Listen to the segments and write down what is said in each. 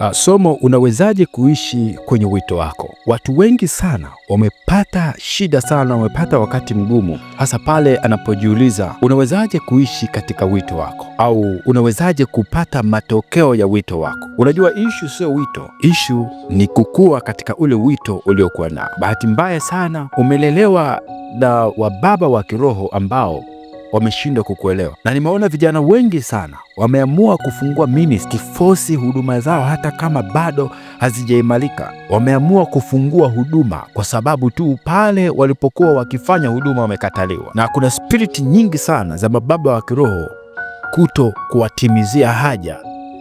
Uh, somo unawezaje kuishi kwenye wito wako. Watu wengi sana wamepata shida sana, wamepata wakati mgumu, hasa pale anapojiuliza unawezaje kuishi katika wito wako, au unawezaje kupata matokeo ya wito wako. Unajua, ishu sio wito, ishu ni kukua katika ule wito uliokuwa nao. Bahati mbaya sana umelelewa na wababa wa kiroho ambao wameshindwa kukuelewa, na nimeona vijana wengi sana wameamua kufungua ministry force huduma zao, hata kama bado hazijaimarika, wameamua kufungua huduma kwa sababu tu pale walipokuwa wakifanya huduma wamekataliwa. Na kuna spiriti nyingi sana za mababa wa kiroho kuto kuwatimizia haja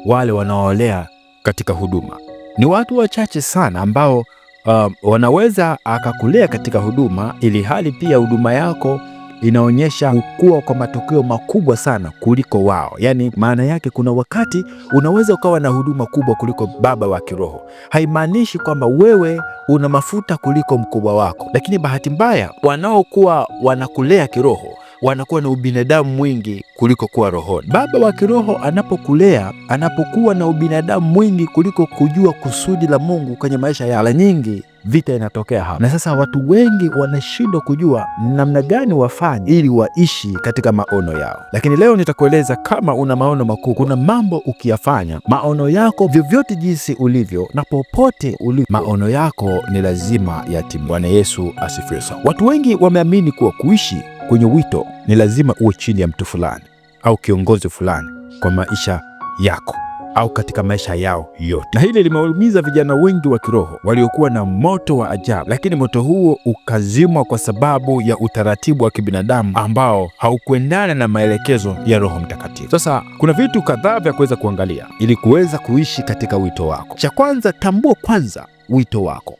wale wanaoolea katika huduma. Ni watu wachache sana ambao um, wanaweza akakulea katika huduma ili hali pia huduma yako inaonyesha kukua kwa matokeo makubwa sana kuliko wao. Yaani maana yake kuna wakati unaweza ukawa na huduma kubwa kuliko baba wa kiroho. Haimaanishi kwamba wewe una mafuta kuliko mkubwa wako, lakini bahati mbaya wanaokuwa wanakulea kiroho wanakuwa na ubinadamu mwingi kuliko kuwa rohoni. Baba wa kiroho anapokulea, anapokuwa na ubinadamu mwingi kuliko kujua kusudi la Mungu kwenye maisha ya, mara nyingi vita inatokea hapa. Na sasa watu wengi wanashindwa kujua namna gani wafanye ili waishi katika maono yao, lakini leo nitakueleza kama una maono makuu, kuna mambo ukiyafanya maono yako vyovyote jinsi ulivyo na popote ulivyo, maono yako ni lazima yatimie. Bwana Yesu asifiwe sana. Watu wengi wameamini kuwa kuishi kwenye wito ni lazima uwe chini ya mtu fulani au kiongozi fulani kwa maisha yako au katika maisha yao yote, na hili limeumiza vijana wengi wa kiroho waliokuwa na moto wa ajabu, lakini moto huo ukazimwa kwa sababu ya utaratibu wa kibinadamu ambao haukuendana na maelekezo ya Roho Mtakatifu. Sasa kuna vitu kadhaa vya kuweza kuangalia ili kuweza kuishi katika wito wako. Cha kwanza, tambua kwanza wito wako.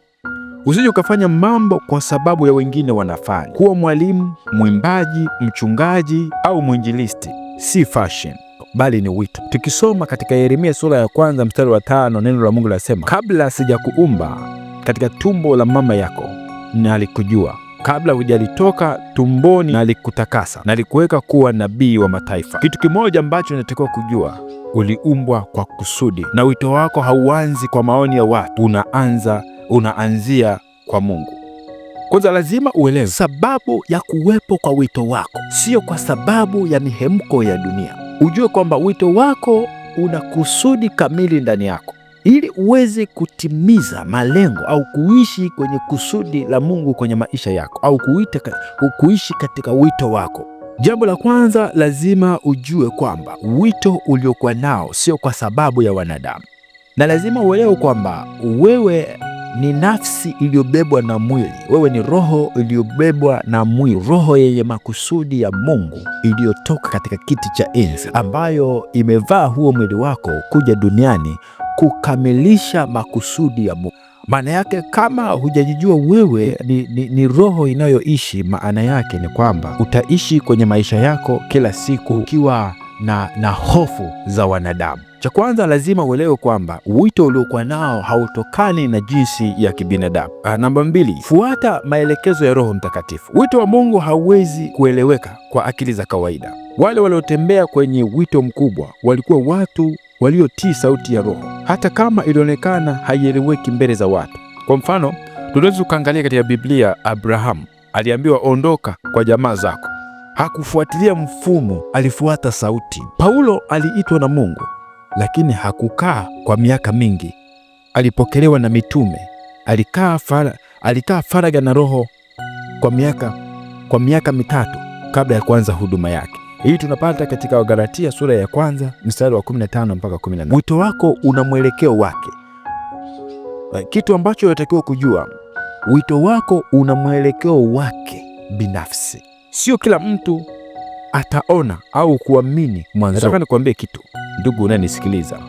Usije ukafanya mambo kwa sababu ya wengine wanafanya. Kuwa mwalimu, mwimbaji, mchungaji au mwinjilisti si fashion bali ni wito. Tukisoma katika Yeremia sura ya kwanza mstari wa tano, neno la Mungu linasema, kabla sijakuumba katika tumbo la mama yako nalikujua, kabla hujalitoka tumboni nalikutakasa, nalikuweka kuwa nabii wa mataifa. Kitu kimoja ambacho inatakiwa kujua, uliumbwa kwa kusudi, na wito wako hauanzi kwa maoni ya watu, unaanza unaanzia kwa Mungu. Kwanza lazima uelewe sababu ya kuwepo kwa wito wako, sio kwa sababu ya mihemko ya dunia ujue kwamba wito wako una kusudi kamili ndani yako. Ili uweze kutimiza malengo au kuishi kwenye kusudi la Mungu kwenye maisha yako au kuita, kuishi katika wito wako, jambo la kwanza lazima ujue kwamba wito uliokuwa nao sio kwa sababu ya wanadamu, na lazima uelewe kwamba wewe ni nafsi iliyobebwa na mwili, wewe ni roho iliyobebwa na mwili, roho yenye makusudi ya Mungu iliyotoka katika kiti cha enzi, ambayo imevaa huo mwili wako kuja duniani kukamilisha makusudi ya Mungu. Maana yake kama hujajijua wewe ni, ni, ni roho inayoishi, maana yake ni kwamba utaishi kwenye maisha yako kila siku ukiwa na, na hofu za wanadamu. Cha kwanza lazima uelewe kwamba wito uliokuwa nao hautokani na jinsi ya kibinadamu. Ah, namba mbili, fuata maelekezo ya Roho Mtakatifu. Wito wa Mungu hauwezi kueleweka kwa akili za kawaida. Wale waliotembea kwenye wito mkubwa walikuwa watu waliotii sauti ya Roho, hata kama ilionekana haieleweki mbele za watu. Kwa mfano, tunaweza tukaangalia katika Biblia, Abrahamu aliambiwa ondoka kwa jamaa zako hakufuatilia mfumo, alifuata sauti. Paulo aliitwa na Mungu, lakini hakukaa kwa miaka mingi. Alipokelewa na mitume, alikaa fara, alikaa faraga na Roho kwa miaka, kwa miaka mitatu kabla ya kuanza huduma yake. Hii tunapata katika Wagalatia sura ya kwanza mstari wa 15 mpaka 18. Wito wako una mwelekeo wake. Kitu ambacho unatakiwa kujua, wito wako una mwelekeo wake binafsi sio kila mtu ataona au kuamini mwanzo. Nataka nikwambie kitu, ndugu unanisikiliza,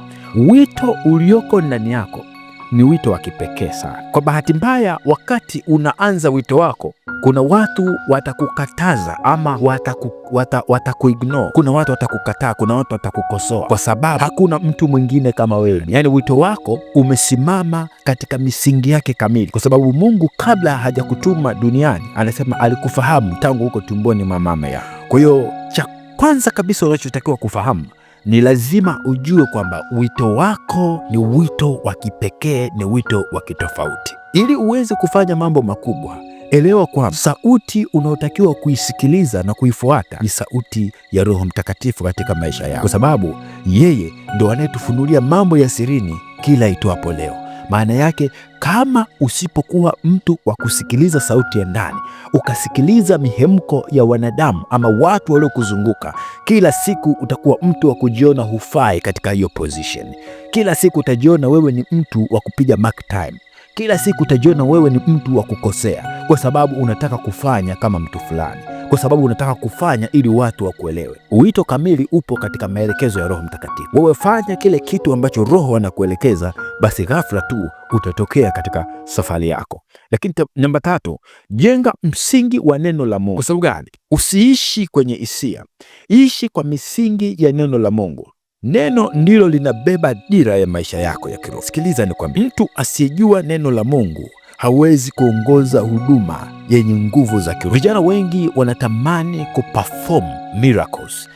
wito ulioko ndani yako ni wito wa kipekee sana. Kwa bahati mbaya, wakati unaanza wito wako, kuna watu watakukataza ama wataku, wata, watakuignore. Kuna watu watakukataa, kuna watu watakukosoa kwa sababu hakuna mtu mwingine kama wewe. Yaani wito wako umesimama katika misingi yake kamili, kwa sababu Mungu kabla hajakutuma duniani anasema alikufahamu tangu huko tumboni mwa mama yako. Kwa hiyo cha kwanza kabisa unachotakiwa kufahamu ni lazima ujue kwamba wito wako ni wito wa kipekee, ni wito wa kitofauti. Ili uweze kufanya mambo makubwa, elewa kwamba sauti unaotakiwa kuisikiliza na kuifuata ni sauti ya Roho Mtakatifu katika maisha yako, kwa sababu yeye ndo anayetufunulia mambo ya sirini kila itwapo leo. Maana yake kama usipokuwa mtu wa kusikiliza sauti ya ndani, ukasikiliza mihemko ya wanadamu ama watu waliokuzunguka, kila siku utakuwa mtu wa kujiona hufai katika hiyo position. Kila siku utajiona wewe ni mtu wa kupiga mark time. Kila siku utajiona wewe ni mtu wa kukosea, kwa sababu unataka kufanya kama mtu fulani kwa sababu unataka kufanya ili watu wakuelewe. Wito kamili upo katika maelekezo ya Roho Mtakatifu. Wewe fanya kile kitu ambacho Roho anakuelekeza, basi ghafla tu utatokea katika safari yako. Lakini namba tatu, jenga msingi wa neno la Mungu. Kwa sababu gani? Usiishi kwenye hisia, ishi kwa misingi ya neno la Mungu. Neno ndilo linabeba dira ya maisha yako ya kiroho. Sikiliza, ni kwamba mtu asiyejua neno la Mungu hawezi kuongoza huduma yenye nguvu za kiroho. Vijana wengi wanatamani kuperform miracles,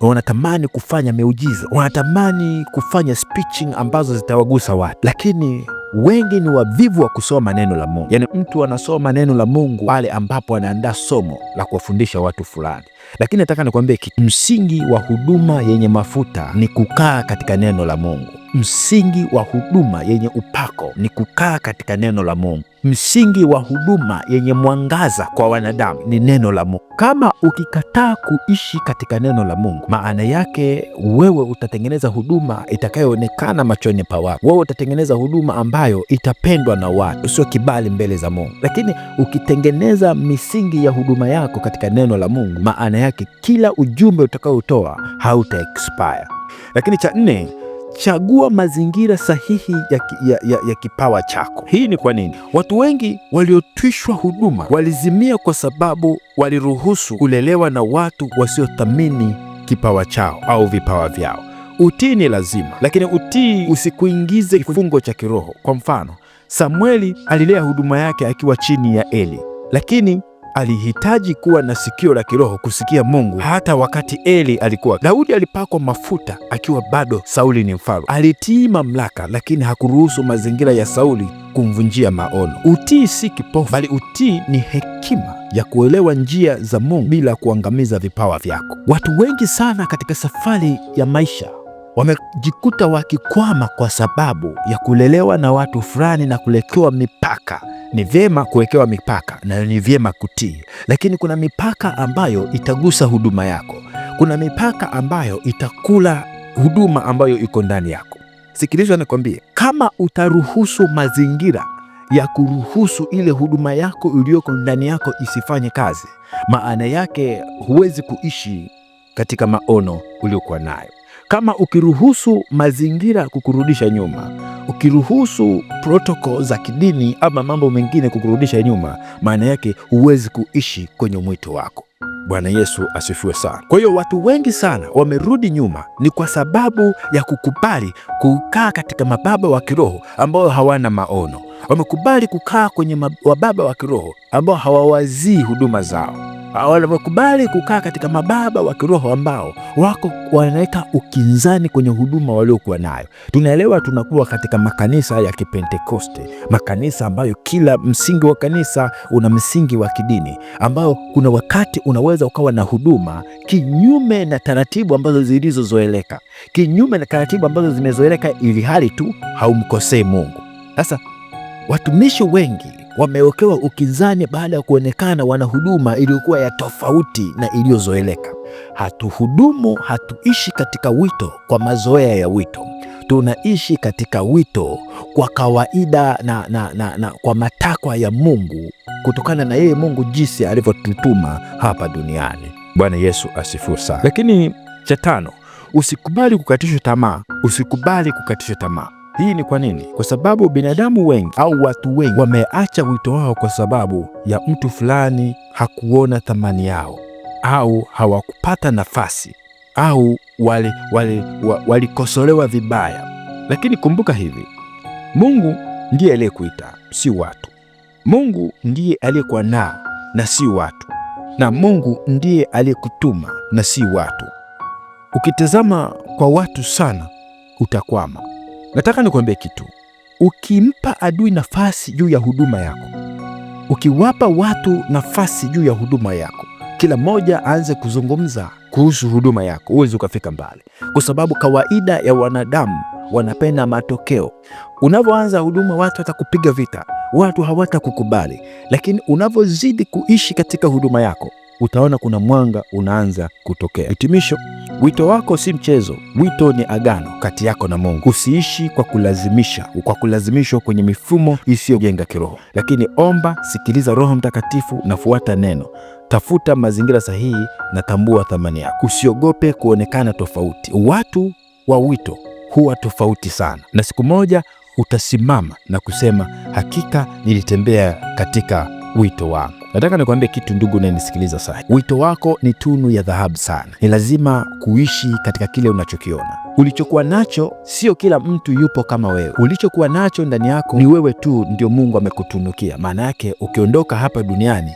wanatamani kufanya miujiza, wanatamani kufanya speaking ambazo zitawagusa watu, lakini wengi ni wavivu wa kusoma neno la Mungu. Yaani mtu anasoma neno la Mungu pale ambapo anaandaa somo la kuwafundisha watu fulani lakini nataka nikwambie msingi wa huduma yenye mafuta ni kukaa katika neno la Mungu. Msingi wa huduma yenye upako ni kukaa katika neno la Mungu. Msingi wa huduma yenye mwangaza kwa wanadamu ni neno la Mungu. Kama ukikataa kuishi katika neno la Mungu, maana yake wewe utatengeneza huduma itakayoonekana machoni pa watu. Wewe utatengeneza huduma ambayo itapendwa na watu, sio kibali mbele za Mungu. Lakini ukitengeneza misingi ya huduma yako katika neno la Mungu, maana maana yake kila ujumbe utakaotoa hauta expire. Lakini cha nne, chagua mazingira sahihi ya, ya, ya, ya kipawa chako. Hii ni kwa nini watu wengi waliotwishwa huduma walizimia? Kwa sababu waliruhusu kulelewa na watu wasiothamini kipawa chao au vipawa vyao. Utii ni lazima, lakini utii usikuingize kifungo cha kiroho. Kwa mfano, Samueli alilea huduma yake akiwa chini ya Eli, lakini alihitaji kuwa na sikio la kiroho kusikia Mungu hata wakati Eli alikuwa. Daudi alipakwa mafuta akiwa bado Sauli ni mfalme. Alitii mamlaka, lakini hakuruhusu mazingira ya Sauli kumvunjia maono. Utii si kipofu, bali utii ni hekima ya kuelewa njia za Mungu bila kuangamiza vipawa vyako. Watu wengi sana katika safari ya maisha wamejikuta wakikwama kwa sababu ya kulelewa na watu fulani na kulekewa mipaka. Ni vyema kuwekewa mipaka na ni vyema kutii, lakini kuna mipaka ambayo itagusa huduma yako. Kuna mipaka ambayo itakula huduma ambayo iko ndani yako. sikilizwa nikwambie, kama utaruhusu mazingira ya kuruhusu ile huduma yako iliyoko ndani yako isifanye kazi, maana yake huwezi kuishi katika maono uliokuwa nayo kama ukiruhusu mazingira kukurudisha nyuma, ukiruhusu protoko za kidini ama mambo mengine kukurudisha nyuma, maana yake huwezi kuishi kwenye mwito wako. Bwana Yesu asifiwe sana. Kwa hiyo watu wengi sana wamerudi nyuma, ni kwa sababu ya kukubali kukaa katika mababa wa kiroho ambao hawana maono. Wamekubali kukaa kwenye wababa wa kiroho ambao hawawazii huduma zao Ah, wanavyokubali kukaa katika mababa wa kiroho ambao wako wanaweka ukinzani kwenye huduma waliokuwa nayo. Tunaelewa, tunakuwa katika makanisa ya Kipentekoste, makanisa ambayo kila msingi wa kanisa una msingi wa kidini, ambao kuna wakati unaweza ukawa na huduma kinyume na taratibu ambazo zilizozoeleka, kinyume na taratibu ambazo zimezoeleka, ili hali tu haumkosei Mungu. Sasa watumishi wengi wamewekewa ukinzani baada ya kuonekana wana huduma iliyokuwa ya tofauti na iliyozoeleka. Hatuhudumu, hatuishi katika wito kwa mazoea ya wito, tunaishi katika wito kwa kawaida na, na, na, na kwa matakwa ya Mungu kutokana na yeye Mungu jinsi alivyotutuma hapa duniani. Bwana Yesu asifiwe sana. Lakini cha tano, usikubali kukatishwa tamaa, usikubali kukatishwa tamaa. Hii ni kwa nini? Kwa sababu binadamu wengi au watu wengi wameacha wito wao kwa sababu ya mtu fulani hakuona thamani yao au hawakupata nafasi au walikosolewa wali, wali vibaya. Lakini kumbuka hivi, Mungu ndiye aliyekuita, si watu. Mungu ndiye aliyekuwa nao na si watu, na Mungu ndiye aliyekutuma na si watu. Ukitazama kwa watu sana utakwama. Nataka nikuambie kitu. Ukimpa adui nafasi juu ya huduma yako, ukiwapa watu nafasi juu ya huduma yako, kila mmoja aanze kuzungumza kuhusu huduma yako, huwezi ukafika mbali, kwa sababu kawaida ya wanadamu wanapenda matokeo. Unavyoanza huduma, watu watakupiga vita, watu hawatakukubali, lakini unavyozidi kuishi katika huduma yako, utaona kuna mwanga unaanza kutokea. Hitimisho. Wito wako si mchezo, wito ni agano kati yako na Mungu. Usiishi kwa kulazimisha, kwa kulazimishwa kwenye mifumo isiyojenga kiroho, lakini omba, sikiliza Roho Mtakatifu na fuata neno. Tafuta mazingira sahihi na tambua thamani yako. Usiogope kuonekana tofauti. Watu wa wito huwa tofauti sana, na siku moja utasimama na kusema, hakika nilitembea katika wito wako. Nataka nikuambie kitu ndugu, unanisikiliza sasa. Wito wako ni tunu ya dhahabu sana, ni lazima kuishi katika kile unachokiona. Ulichokuwa nacho sio kila mtu yupo kama wewe. Ulichokuwa nacho ndani yako ni wewe tu ndio Mungu amekutunukia. Maana yake ukiondoka hapa duniani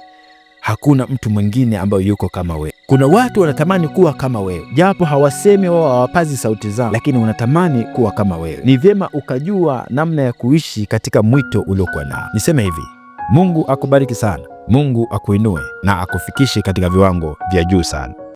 hakuna mtu mwingine ambayo yuko kama wewe. Kuna watu wanatamani kuwa kama wewe, japo hawasemi wao, hawapazi sauti zao, lakini wanatamani kuwa kama wewe. Ni vyema ukajua namna ya kuishi katika mwito uliokuwa nao. Niseme hivi, Mungu akubariki sana, Mungu akuinue na akufikishe katika viwango vya juu sana.